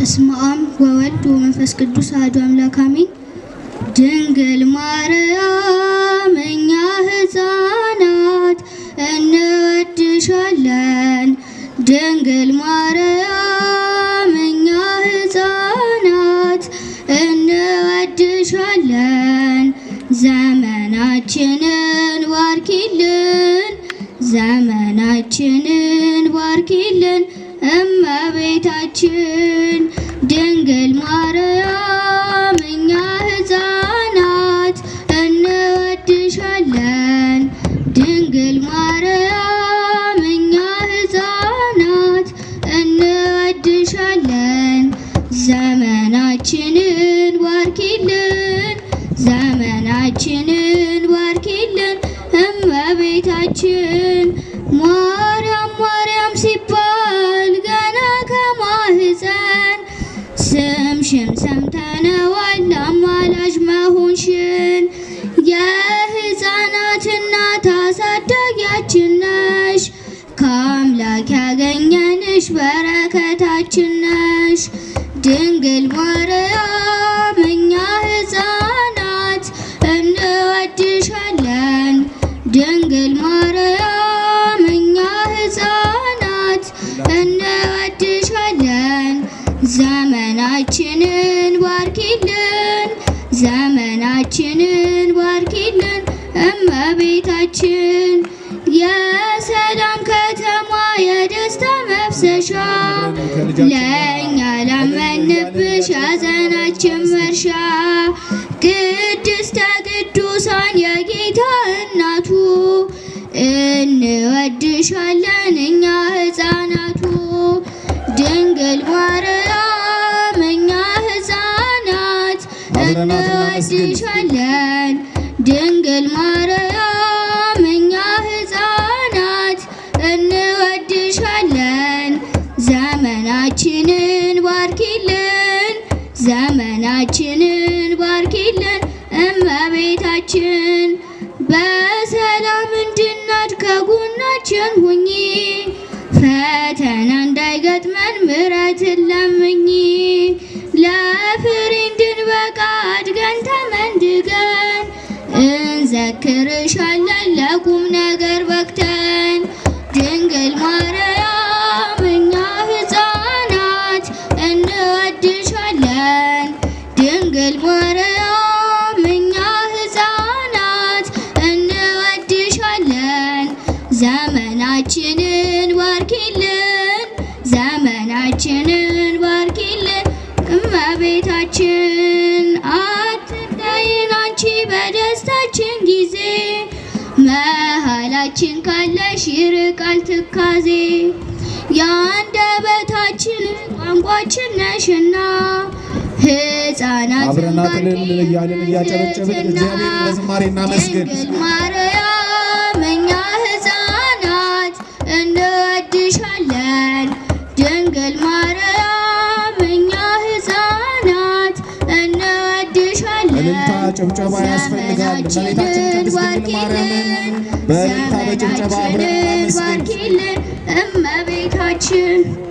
በስመ አብ ወወልድ ወመንፈስ ቅዱስ አሐዱ አምላክ አሜን። ድንግል ማርያም እኛ ሕፃናት እንወድሻለን። ድንግል ማርያም እኛ ሕፃናት እንወድሻለን። ዘመናችንን ዋርኪልን ዘመናችንን ባርኪልን እመቤታችን ድንግል ማርያም እኛ ሕፃናት እንወድሻለን። ድንግል ማርያም እኛ ሕፃናት እንወድሻለን። ዘመናችንን ባርኪልን ዘመናችንን ባርኪልን መቤታችን ማርያም ማርያም ሲባል ገና ከማህፀን ስምሽን ሰምተነዋል አማላጅ መሆንሽን የህፃናትና አሳዳጊያችን ነሽ ከአምላክ ያገኘንሽ በረከታችን ነሽ ድንግል ማር ማርያም እኛ ሕፃናት እንወድሻለን። ዘመናችንን ባርኪልን፣ ዘመናችንን ባርኪልን እመቤታችን የሰላም ከተማ የደስታ መፍሰሻ ለእኛ ላመንብሽ ሐዘናችን መርሻ ቅድስተ ቅዱሳን የጌታ እንሻለን እኛ ህፃናቱ ድንግል ማርያም እኛ ህፃናት እንወድሻለን ድንግል ማርያም እኛ ህፃናት እንወድሻለን ዘመናችንን ባርኪልን ዘመናችንን ባርኪልን እመቤታችን ፈተና እንዳይገጥመን ምሕረትን ለምኝ ለፍሬ እንድንበቃ አድገን ተመንድገን እንዘክርሻለን ለቁም ነገር በቅተን ድንግል ማርያም እኛ ሕፃናት እንወድሻለን ድንግል ዘመናችንን ባርኪልን፣ ዘመናችንን ባርኪልን እመቤታችን አትለይን አንቺ በደስታችን ጊዜ መሃላችን ካለሽ ይርቃል ትካዜ የአንደበታችን ቋንቋችን ነሽና ሕፃናት እያለን እያጨበጨብን እግዚአብሔር ለዝማሬ እናመስግን። ጭብጨባ ያስፈልጋል። እመቤታችን ቅድስት ድንግል ማርያምን በእልልታ በጭብጨባ አብረን እናመስግን። እመቤታችን